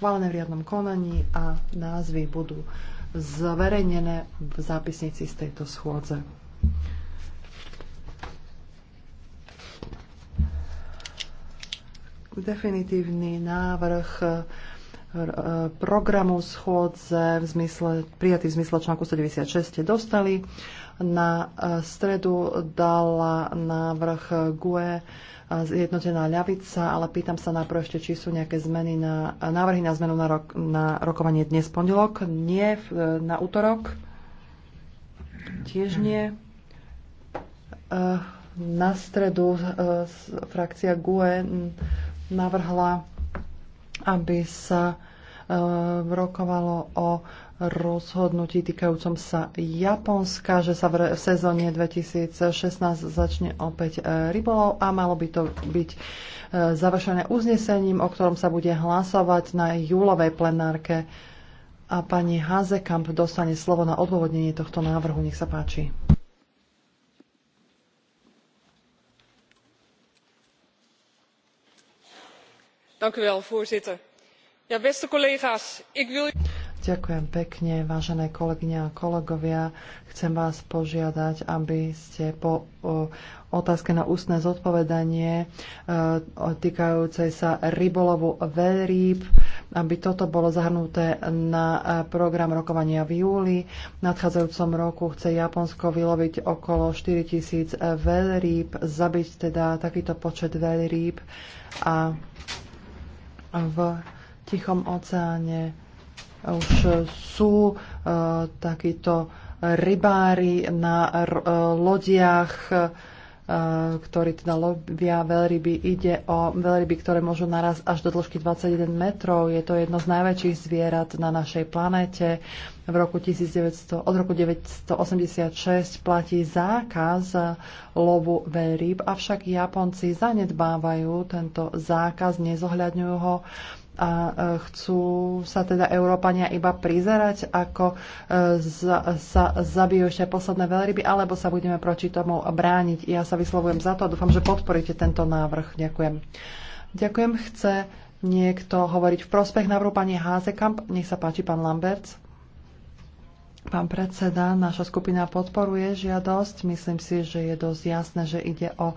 schválené v riadnom konaní a názvy budú zverejnené v zápisnici z tejto schôdze. Definitívny návrh E, programu schôdze v zmysle, prijatý v zmysle článku 196 dostali. Na e, stredu dala návrh GUE e, zjednotená ľavica, ale pýtam sa najprv ešte, či sú nejaké zmeny na, návrhy na zmenu na, rok, na rokovanie dnes pondelok. Nie, na útorok. Tiež nie. Na stredu frakcia GUE navrhla aby sa Eh, rokovalo o rozhodnutí týkajúcom sa Japonska, že sa v, sezóne 2016 začne opäť eh, rybolov a malo by to byť eh, završené uznesením, o ktorom sa bude hlasovať na júlovej plenárke. A pani Hazekamp dostane slovo na odôvodnenie tohto návrhu. Nech sa páči. Dank u wel, voorzitter. Ja, beste collega's, ik wil... Ďakujem pekne, vážené kolegyne a kolegovia. Chcem vás požiadať, aby ste po o, otázke na ústne zodpovedanie e, týkajúcej sa rybolovu veľrýb, aby toto bolo zahrnuté na e, program rokovania v júli. V nadchádzajúcom roku chce Japonsko vyloviť okolo 4000 veľrýb, zabiť teda takýto počet veľrýb a v Tichom oceáne už sú e, takíto rybári na r, e, lodiach, e, ktorí teda lovia veľryby. Ide o veľryby, ktoré môžu naraz až do dĺžky 21 metrov. Je to jedno z najväčších zvierat na našej planéte. V roku 1900, od roku 1986 platí zákaz lovu veľryb, avšak Japonci zanedbávajú tento zákaz, nezohľadňujú ho a e, chcú sa teda Európania iba prizerať, ako e, za, sa zabijú ešte posledné veľryby, alebo sa budeme proti tomu brániť. Ja sa vyslovujem za to a dúfam, že podporíte tento návrh. Ďakujem. Ďakujem. Chce niekto hovoriť v prospech návrhu pani Házekamp? Nech sa páči, pán Lambert. Pán predseda, naša skupina podporuje žiadosť. Myslím si, že je dosť jasné, že ide o e,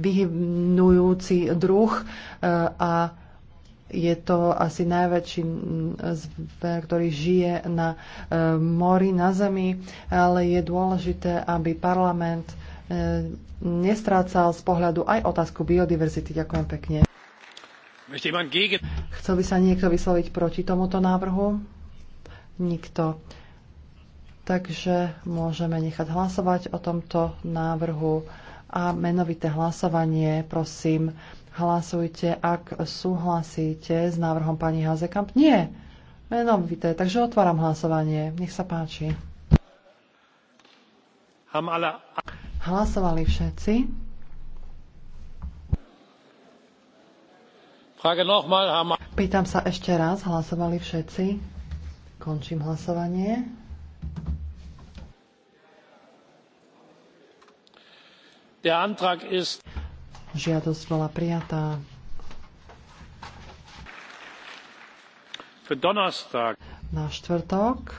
vyhynujúci druh a je to asi najväčší zver, ktorý žije na e, mori, na zemi, ale je dôležité, aby parlament e, nestrácal z pohľadu aj otázku biodiverzity. Ďakujem pekne. Chcel by sa niekto vysloviť proti tomuto návrhu? Nikto. Takže môžeme nechať hlasovať o tomto návrhu a menovité hlasovanie, prosím, Hlasujte, ak súhlasíte s návrhom pani Hazekamp. Nie, menovité. Takže otváram hlasovanie. Nech sa páči. Hlasovali všetci. Pýtam sa ešte raz, hlasovali všetci? Končím hlasovanie. Der Antrag ist Žiadosť bola prijatá. Na štvrtok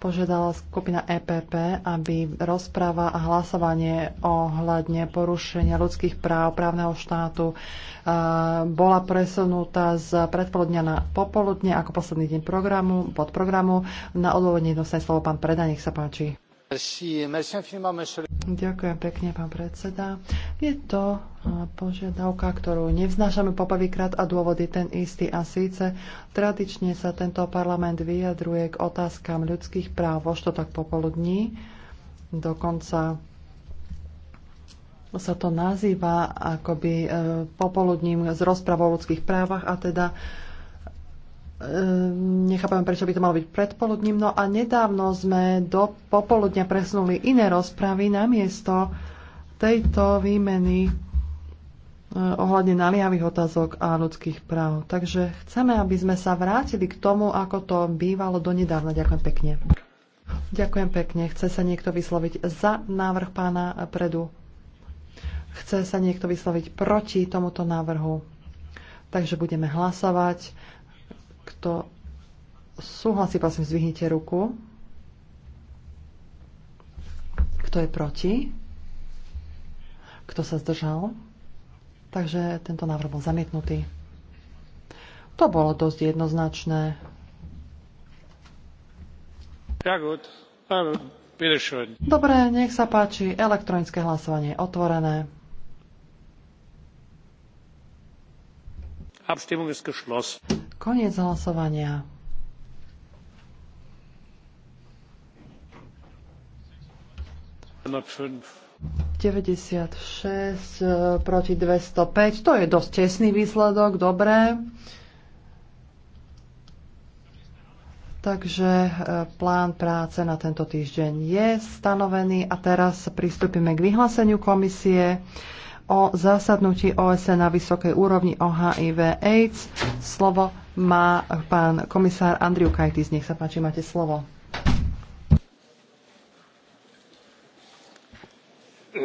požiadala skupina EPP, aby rozpráva a hlasovanie ohľadne porušenia ľudských práv právneho štátu e, bola presunutá z predpoludňa na popoludne ako posledný deň programu, podprogramu. Na odôvodne dostane slovo pán Preda, nech sa páči. Merci, merci Ďakujem pekne, pán predseda. Je to požiadavka, ktorú nevznášame poprvýkrát a dôvod je ten istý. A síce tradične sa tento parlament vyjadruje k otázkam ľudských práv vo štotok popoludní. Dokonca sa to nazýva akoby e, popoludním z rozprav o ľudských právach a teda Ehm, Nechápame, prečo by to malo byť predpoludním. No a nedávno sme do popoludňa presunuli iné rozpravy na miesto tejto výmeny e, ohľadne naliavých otázok a ľudských práv. Takže chceme, aby sme sa vrátili k tomu, ako to bývalo donedávna. Ďakujem pekne. Ďakujem pekne. Chce sa niekto vysloviť za návrh pána Predu? Chce sa niekto vysloviť proti tomuto návrhu? Takže budeme hlasovať. Kto súhlasí, prosím, zvihnite ruku. Kto je proti? Kto sa zdržal? Takže tento návrh bol zamietnutý. To bolo dosť jednoznačné. Dobre, nech sa páči. Elektronické hlasovanie je otvorené. Abstimmung ist geschlossen. Koniec hlasovania. Na 96 eh, proti 205. To je dosť tesný výsledok, dobré. Takže eh, plán práce na tento týždeň je stanovený a teraz pristúpime k vyhláseniu komisie o zasadnutí OSN na vysokej úrovni o HIV AIDS. Slovo má pán komisár Andriu Kajtis. Nech sa páči, máte slovo.